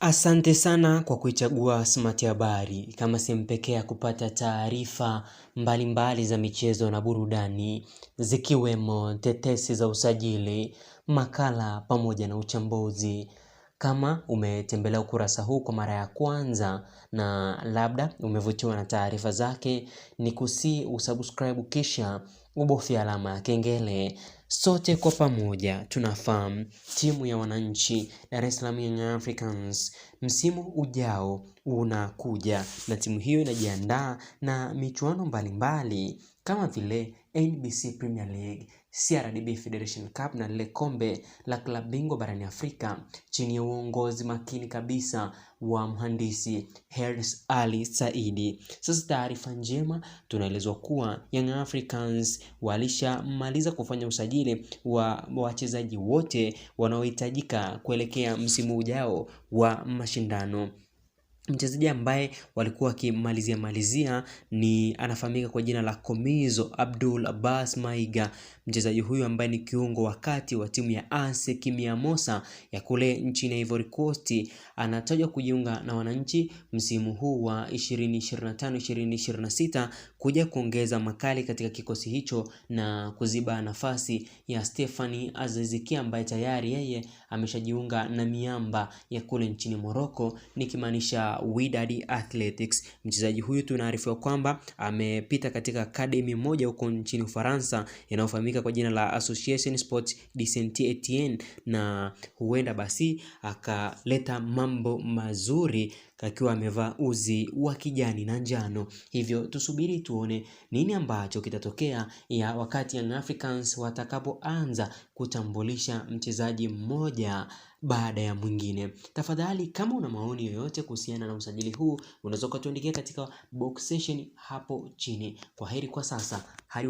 Asante sana kwa kuichagua Smart Habari kama sehemu pekee ya kupata taarifa mbalimbali za michezo na burudani, zikiwemo tetesi za usajili, makala pamoja na uchambuzi. Kama umetembelea ukurasa huu kwa mara ya kwanza na labda umevutiwa na taarifa zake, kusi usubscribe kisha ubofya alama ya kengele. Sote kwa pamoja tunafahamu timu ya wananchi Dar es Salaam Young Africans msimu ujao unakuja, na timu hiyo inajiandaa na michuano mbalimbali kama vile NBC Premier League CRDB Federation Cup na lile kombe la klabu bingwa barani Afrika chini ya uongozi makini kabisa wa mhandisi Hersi Ali Saidi. Sasa taarifa njema, tunaelezwa kuwa Young Africans walishamaliza kufanya usajili wa wachezaji wote wanaohitajika kuelekea msimu ujao wa mashindano Mchezaji ambaye walikuwa wakimalizia malizia ni anafahamika kwa jina la Komizo Abdul Abbas Maiga. Mchezaji huyu ambaye ni kiungo wakati wa timu ya AS Mosa ya kule nchini Ivory Coast anatajwa kujiunga na wananchi msimu huu wa 2025-2026 kuja kuongeza makali katika kikosi hicho na kuziba nafasi ya Stephanie Azizikia ambaye tayari yeye ameshajiunga na miamba ya kule nchini Morocco nikimaanisha uh, Wydad Athletics. Mchezaji huyu tunaarifiwa kwamba amepita katika academy moja huko nchini Ufaransa inayofahamika kwa jina la Association Sports de Saint-Etienne, na huenda basi akaleta mambo mazuri kakiwa amevaa uzi wa kijani na njano. Hivyo tusubiri tuone nini ambacho kitatokea ya wakati Young Africans watakapoanza kutambulisha mchezaji mmoja baada ya mwingine. Tafadhali, kama una maoni yoyote kuhusiana na usajili huu, unaweza ukatuandikia katika box section hapo chini. Kwa heri kwa sasa hadi